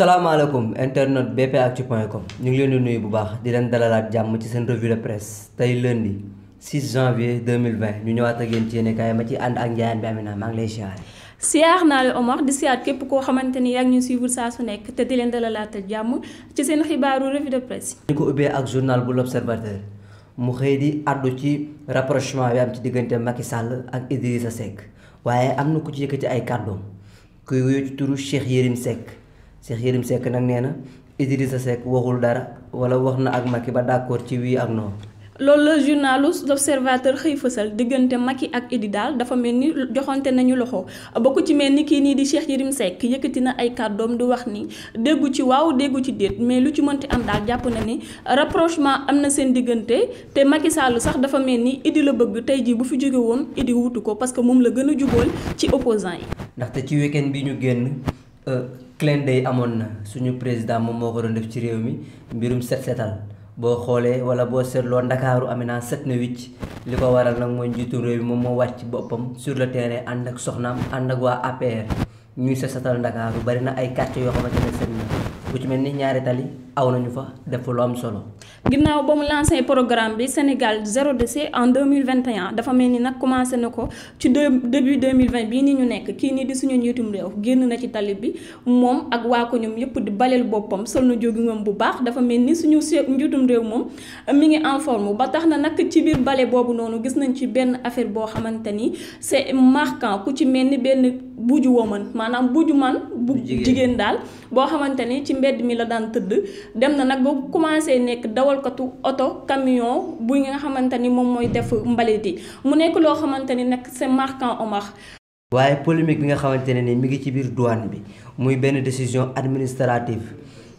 salaamaaleykum internet bpactu point com ñu ngi leen di nuyu bu baax di leen dalalaat jàmm ci seen revue de presse tey lundi 6 janvier 2020 ñu ñëwaat ak yéen ci yéene ma ci ànd ak njaayaan bi Amina maa ngi lay siyaare siyaar naa la Omar di siyaat képp koo xamante ni yaa ngi ñu suivre saa su nekk te di leen dalalaat jàmm ci seen xibaaru revue de presse ñu ko ubbee ak journal bu l'observateur mu xëy di àddu ci rapprochement bi am ci diggante i Sall ak Idrissa Seck waaye am na ku ci yëkkati ay kàddoom kuy wuyu ci Cheikh Yérim sekk nag nee na Idrissa Seck waxul dara wala wax na ak Macky ba d'accord ci wii ak noonu. loolu la journalu l'observateur xëy fësal diggante Macky ak Idi daal dafa mel ni joxante nañu loxo bokk ci mel ni kii nii di Cheikh Yérim Seck yëkkati na ay kàddoom di wax ni déggu ci waaw déggu ci déet mais lu ci mënti am daal jàpp na ni rapprochement am na seen diggante te Macky Sall sax dafa mel ni Idi la bëgg tey jii bu fi jóge woon Idi wutu ko parce que moom la gën a jubóol ci opposant yi. ndaxte ci week-end ñu génn. Euh, clin d'œil amoon na suñu président moom moo ko def ci réew mi mbirum set setal boo xoolee wala boo seetloo ndakaaru amee naa set na wicc li ko waral nag mooy njiitu réew mi moom moo wàcc boppam sur le terrain ànd ak soxnaam ànd ak waa APR ñuy set setal ndakaaru bari na ay quartier yoo xamante ne set na bu ci mel ni ñaari tali aw nañu fa def lu am solo ginnaaw ba mu lancé programme bi Sénégal zéro déchet en deux mille vingt dafa mel ni nag commencé na ko ci début deux mille vingt bii ni ñu nekk kii nii di suñu njiitum réew génn na ci tali bi moom ak waa ko ñoom yëpp di baleel boppam sol na jógi moom bu baax dafa mel ni suñu njiitum réew moom mi ngi en forme ba tax na nag ci biir bale boobu noonu gis nañ ci benn affaire boo xamante ni c'est marquant ku ci mel ni benn buju woman maanaam buju man bu jigéen daal boo xamante ni ci mbedd mi la daan tëdd dem na nag ba commencé nekk daw dawalkatu oto camion bu nga xamante ni moom mooy def mbalit yi mu nekk loo xamante ni nag c'est marquant Omar waaye polémique bi nga xamante ne ni mi ngi ci biir douane bi muy benn décision administrative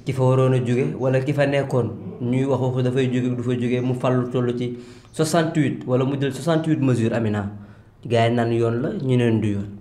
ki fa waroon a jóge wala ki fa nekkoon ñuy wax waxu dafay jóge du fa jóge mu fàllu toll ci 68 wala mu jël 68 mesures Amina gars yi naan yoon la ñu neen du yoon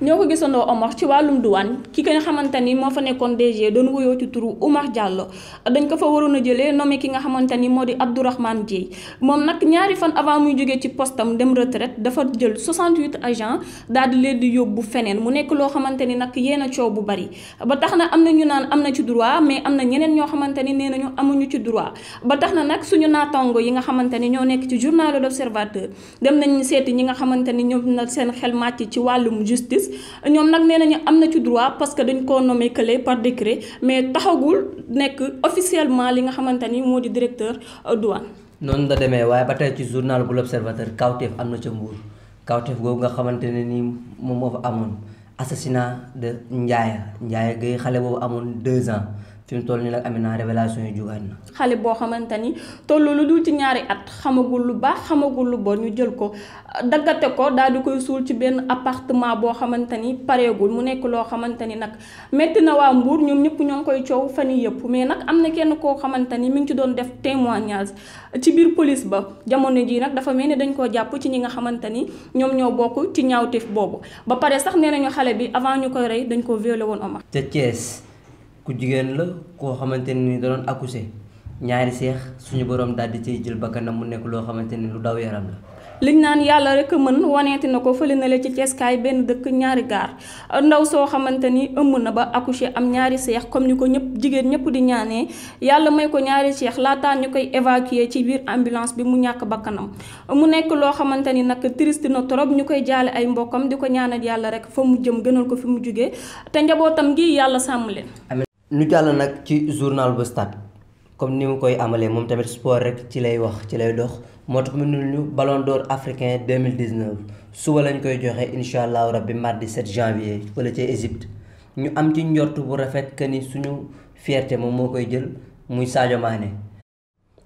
ñoo ko gisandoo Omar ci wàllum duwaan ki nga xamante ni moo fa nekkoon DG doon wuyoo ci turu Oumar Diallo dañ ko fa waroon a jëlee nommé ki nga xamante ni moo di Abdourahmane Dieye moom nag ñaari fan avant muy jógee ci postam dem retrait dafa jël 68 agents daal di leen di yóbbu feneen mu nekk loo xamante ni nag yéen a coow bu bari ba tax na am na ñu naan am na ci droit mais am na ñeneen ñoo xamante ni nee nañu amuñu ci droit ba tax na nag suñu naatango yi nga xamante ni ñoo nekk ci journal l'Observateur dem nañu seeti ñi nga xamante ni ñoom na seen xel màcc ci wàllum justice ñoom nag nee ñu am na ci droit parce que dañ koo nommé clé par décret mais taxagul nekk officiellement li nga xamante ni moo di directeur euh, douane. noonu la demee waaye ba tey ci journal bu l'Observateur kawteef am na ca Mbour kawteef googu nga xamante ne nii moom moo fa amoon assassinat de Ndiaye Ndiaye Gueye xale boobu amoon deux ans. fi mu toll nii nag amee naa révélation yi jugaat na. xale boo xamante ni tollu lu dul ci ñaari at xamagul lu baax xamagul lu bon ñu jël ko daggate ko daal di koy suul ci benn appartement boo xamante ni pareegul mu nekk loo xamante ni nag metti na waa Mbour ñoom ñëpp ñoo ngi koy coow fan yii yëpp mais nag am na kenn koo xamante ni mi ngi ci doon def témoignage ci biir police ba jamono jii nag dafa mel ni dañ koo jàpp ci ñi nga xamante ni ñoom ñoo bokk ci ñaawteef boobu ba pare sax nee xale bi avant ñu koy rey dañ ko violé woon Omar. te Thiès. ku jigéen la koo xamante ni da doon accouché ñaari seex suñu borom daal di cay jël bakkanam mu nekk loo xamante ni lu daw yaram la. liñ naan yàlla rek mën waneeti na ko fële na le ci ceeskaay benn dëkk ñaari gaar ndaw soo xamante ni ëmb na ba accouché am ñaari seex comme ni ko ñëpp jigéen ñëpp di ñaanee yàlla may ko ñaari seex laataa ñu koy évacuer ci biir ambulance bi mu ñàkk bakkanam mu nekk loo xamante ni nag triste na trop ñu koy jaale ay mbokkam di ko ñaanal yàlla rek fa mu jëm gënal ko fi mu jugee te ñu jàll nag ci journal bu stade comme ni mu koy amalee moom tamit sport rek ci lay wax ci lay dox moo tax mu nu ñu ballon d'or africain 2019 suba lañ koy joxe incha allahu rabbi mardi 7 janvier wala ci Égypte ñu am ci njort bu rafet que ni suñu fierte moom moo koy jël muy saajo Mané.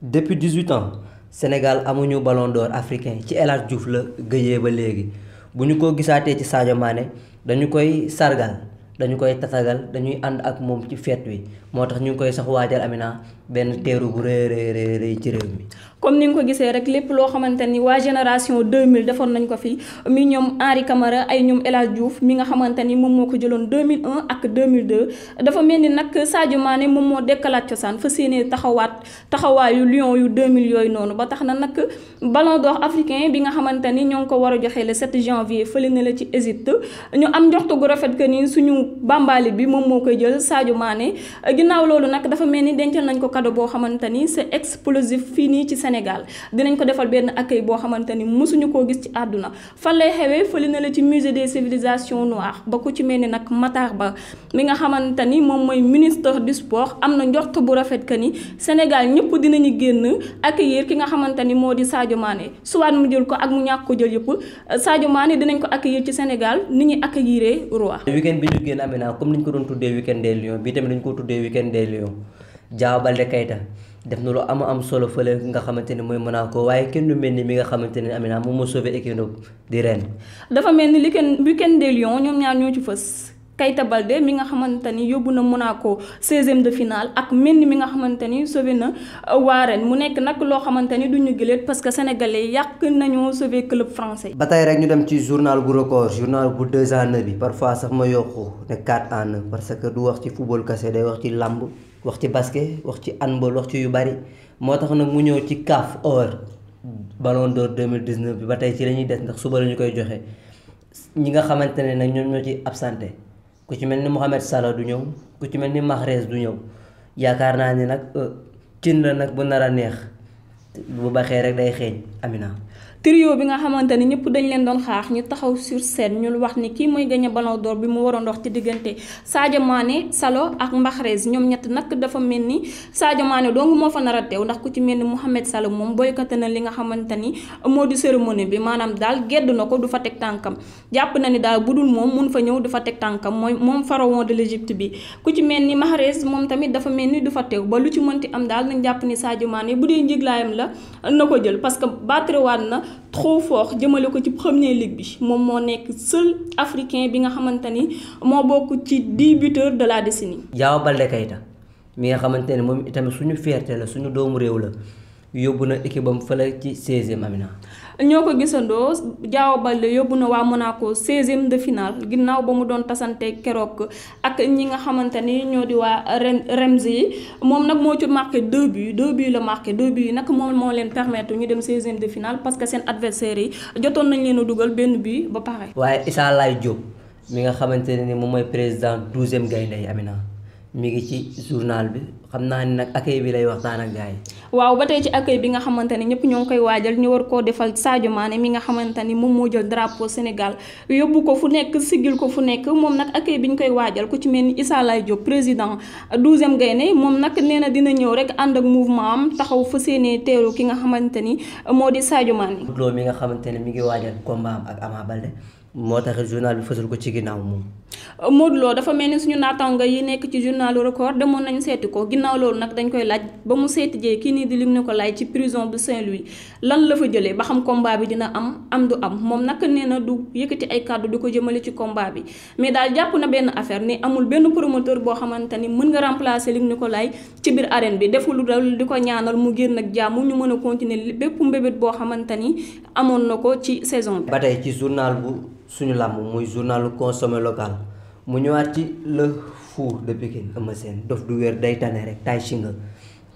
depuis 18 ans Sénégal amuñu ballon d'or africain ci El Hadj Diouf la gëjee ba léegi bu ñu ko gisaatee ci Sadio Mané dañu koy sargal. dañu koy tasagal dañuy ànd ak moom ci feet wi moo tax ñu ngi koy sax waajal Amina benn teeru bu rëy rëy rëy ci réew mi comme ni nga ko gisee rek lépp loo xamante ni waa génération 2000 defoon nañ ko fi mi ñoom Henri Camara ay ñoom El Hadj Diouf nga xamante ni moom moo ko jëloon 2001 ak 2002 dafa mel ni nag Sadio Mané moom moo dekkalaat cosaan fa séenee taxawaat taxawaayu Lions yu 2000 yooyu noonu ba tax na nag ballon d'or africain bi nga xamante ni ñoo ngi ko war a joxe le 7 janvier fële na la ci Égypte ñu am njoxtu gu rafet que ni suñu bambali bi moom moo koy jël Sadio Mané ginnaaw loolu nag dafa mel ni dencal nañ ko cadeau boo xamante ni c'est explosif fii nii ci Sénégal Sénégal dinañ ko defal benn accueil boo xamante ni mësuñu koo gis ci àdduna fan lay xewee fële na la ci musée des civilisations noires ba ko ci mel ni nag mataax Ba mi nga xamante ni moom mooy ministre du sport am na njort bu rafet que ni Sénégal ñëpp dinañu génn accueillir ki nga xamante ni moo di Sadio Mané soit mu jël ko ak mu ñàkk ko jël yëpp Sadio Mané dinañ ko accueillir ci Sénégal ni ñuy accueillir roi. weekend bi ñu génn amee naa comme ni ñu ko doon tuddee weekend des bi tamit dañu ko tuddee weekend des lions Diao Baldé Keita def na lu am am solo fële nga xamante ne mooy ko waaye kenn du mel ni mi nga xamante ne Amina moom moo sauvé équipe di ren. dafa mel ni li kenn bi kenn des Lions ñoom ñaar ñoo ci fës. Keita Baldé mi nga xamante ni yóbbu na Monaco 16e de finale ak Mendy mi nga xamante ni sauvé na euh, waa Rennes mu nekk nag loo xamante ni du ñu parce que sénégalais yàq nañoo sauvé club français. ba tey rek ñu dem ci journal bu record journal bu deux en un bi parfois sax ma yokku ne quatre en parce que du wax ci football kese day wax ci làmb wax ci basket wax ci handball wax ci yu bari moo tax nag mu ñëw ci CAF or Ballon d'Or 2019 bi ba tey ci la ñuy des ndax suba la ñu koy joxe ñi nga xamante ne nag ñoom ñoo ci absenté. ku ci mel ni Mohamed Salah du ñëw ku ci mel ni Mahrez du ñëw yaakaar naa ni nag euh, cin la nag bu nar a neex bu baxee rek day xeeñ Amina. trio bi nga xamante ni ñëpp dañ leen doon xaar ñu taxaw sur scène ñu wax ni kii mooy gagné Ballon door bi mu waroon dox ci diggante Sadio Mané Salo ak Mbahrez ñoom ñett nag dafa mel ni Sadio Mané dong moo fa nar a teew ndax ku ci mel ni Mohamed Salo moom boycotté na li nga xamante ni moo di cérémonie bi maanaam daal gedd ko du fa teg tànkam jàpp na ni daal budul moom mun fa ñëw du teg tànkam mooy moom pharaon de l'Égypte bi ku ci mel ni Mahrez moom tamit dafa mel ni du fa teew ba lu ci mënti am daal jàpp ni Sadio Mané bu dee njiglaayam la na ko jël parce que battre waat na trop fort jëmale ko ci première ligue bi moom moo nekk seul africain bi nga xamante ni moo bokk ci dix buteurs de la décennie. Diao Baldé Keita mi nga xamante ne moom itam suñu fierté la suñu doomu réew la yóbbu na ba mu fële ci seizième Amina. ñoo ko gisandoo Diao Baldé yóbbu na waa Monaco seizième de finale ginnaaw ba mu doon tasante keroog ak ñi nga xamante ni ñoo di waa Reims yi moom nag moo ci marqué deux buts deux buts la marqué deux buts yi nag moom moo leen permettre ñu dem seizième de finale parce que seen adversaires yi jotoon nañ leen a dugal benn but ba pare. waaye Issa Laye Diop mi nga xamante ne ni moom mooy président douzième gaynde yi Amina mi ngi ci journal bi. xam naa ni nag accueil bi lay waxtaan ak gars yi. waaw ba tey ci accueil bi nga xamante ne ñëpp ñoo ngi koy waajal ñu war koo defal Sadio Mané mi nga xamante ni moom moo jël drapeau Sénégal yóbbu ko fu nekk sigil ko fu nekk moom nag accueil bi ñu koy waajal ku ci mel ni Issa Laye Diop président douzième Gaïndé moom nag nee na dina ñëw rek ànd ak mouvement am taxaw fa seenee teeru ki nga xamante ni moo di Sadio Mané. mi nga xamante ne mi ngi waajal combat am ak Ama Baldé moo tax journal bi fësal ko ci ginnaaw moom. Euh, Modou Lo dafa mel ni suñu naataango yi nekk ci journalu record demoon nañu seeti ko ginnaaw loolu nag dañ koy laaj ba mu seeti jee kii nii di lim ne ko laaj ci prison bu lan la fa jëlee ba xam combat bi dina am am du am moom nag nee na du yëkkati ay kàddu di ko jëmale ci combat bi mais daal jàpp na benn affaire ni amul benn promoteur boo xamante ni mën nga remplacer lim ne ko laaj ci biir arène bi deful lu di ko ñaanal mu génn nag jàmm ñu mën a continuer bépp mbébét boo xamante ni amoon na ko ci saison bi. ba tey ci journal bu. suñu làmb mooy journalu consommé local mu ñëwaat ci le four de Pikine Eumeu Sène dof du wér day tane rek tay shinga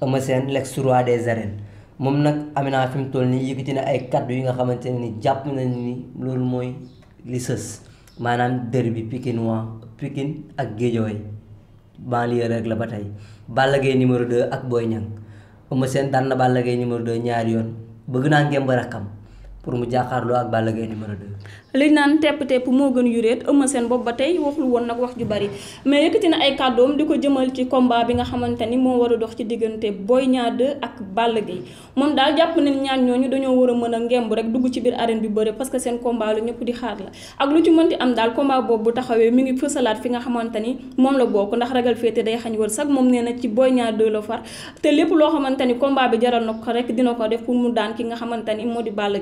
Eumeu Sène l'ex roi des arènes moom nag Amina fi mu toll nii yëkkati na ay kaddu yi nga xamante ne ni jàpp nañ ni loolu mooy li sës maanaam dër bi Pikine waa Pikine ak Guédiawaye banlieue rek la ba tey Balla Gaye numéro 2 ak Boy Niang Eumeu Sène daan na Balla Gaye numéro 2 ñaari yoon bëgg naa ngémb rakkam pour mu jàkkaarloo ak Balla Gaye numéro 2 liñ naan tepp tepp moo gën yuréet ëmma seen bopp ba tey waxul woon nag wax ju bari mais yëkkati na ay kàddoom di ko jëmal ci combat bi nga xamante ni moo war a dox ci diggante Boy Niang 2 ak Balla Gaye moom daal jàpp ne ñaar ñooñu dañoo war a mën ngemb rek dugg ci biir arène bi bëre parce que seen combat lu ñëpp di xaar la ak lu ci mënti am daal combat boobu nga xamante ni moom la bokk ndax ragal féete day xañ wër sax moom nee na ci Boy Niang 2 la far te lépp loo xamante ni combat bi jaral na ko rek dina ko def pour mu daan ki nga xamante ni moo di Balla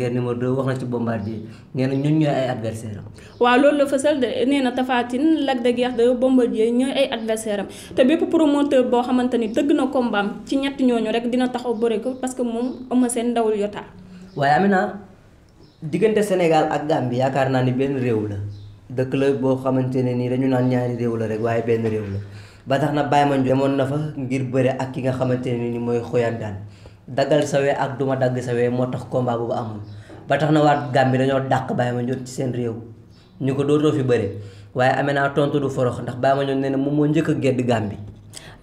Gaye Tigre numéro 2 wax na ci Bombardier nee na ñun ñooy ay adversaire waaw loolu la fësal de nee na Tapha Tine Lac de Guiers 2 ñooy ay adversaire am te bépp promoteur boo xamante ni tëgg na ko am ci ñett ñooñu rek dina taxaw bëre ko parce que moom am seen ndawul yotaa. waaye Amina diggante Sénégal ak Gambie yaakaar naa ni benn réew la dëkk la boo xamante ne nii dañu naan ñaari réew la rek waaye benn réew la ba tax na Baye Mandione demoon na fa ngir bëre ak ki nga xamante ne ni mooy xoyandaan. daggal sawee wee ak duma dagg sawee moo tax combat boobu amul ba tax na waat bi dañoo dàq ma Mandione ci seen réew ñu ko dootoo fi bëre waaye amee naa tontu du forox ndax ma Mandione ne na moom moo njëkk a gedd bi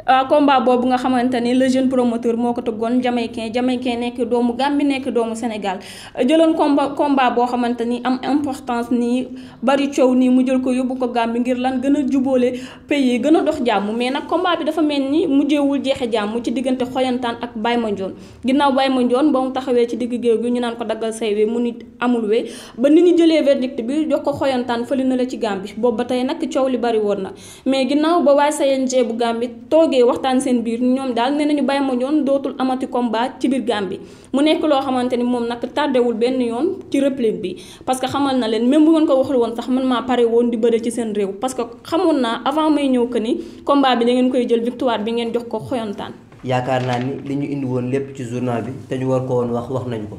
Euh, combat boobu nga xamante ni le jeune promoteur moo ko tëggoon jamaïcain jamaïcain nekk doomu Gambie nekk doomu Sénégal jëloon komba combat boo xamante ni am importance nii bari coow nii mu jël ko yóbbu ko Gambie ngir lan gën a jubóole pays yi gën a dox jàmm mais nag combat bi dafa mel ni mujjeewul jeexe jàmm ci diggante xoyantaan ak ma Mandione ginnaaw Baye Mandione ba mu taxawee ci digg géew gi ñu naan ko daggal say we mu nit amul we ba nit ñu jëlee verdict bi jox ko xoyantaan fële na la ci Gambie boobu ba tey nag coow li bari woon na mais ginnaaw ba waa CNG bu Gambie toogee waxtaan seen biir ñoom daal nee nañu Baye Mandione dootul amati combat ci biir Gambie mu nekk loo xamante ni moom nag tardewul benn yoon ci réplique bi parce que xamal na leen même bu ngeen ko waxul woon sax man maa pare woon di bëre ci seen réew parce que xamoon naa avant may ñëw que ni combat bi da koy jël victoire bi ngeen jox ko xoyantaan yaakaar naa ni li ñu indi woon lépp ci journal bi te ñu war ko woon wax wax nañu ko.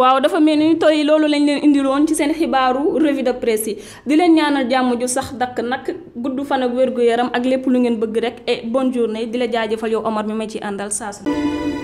waaw dafa mel ni ñu yi loolu lañu leen indiloon ci seen xibaaru revue de presse yi di leen ñaanal jàmm ju sax dakk nag gudd fan ak wér yaram ak lépp lu ngeen bëgg rek bon bonne journée di la jaajëfal yow Omar mi may ciy àndal saa su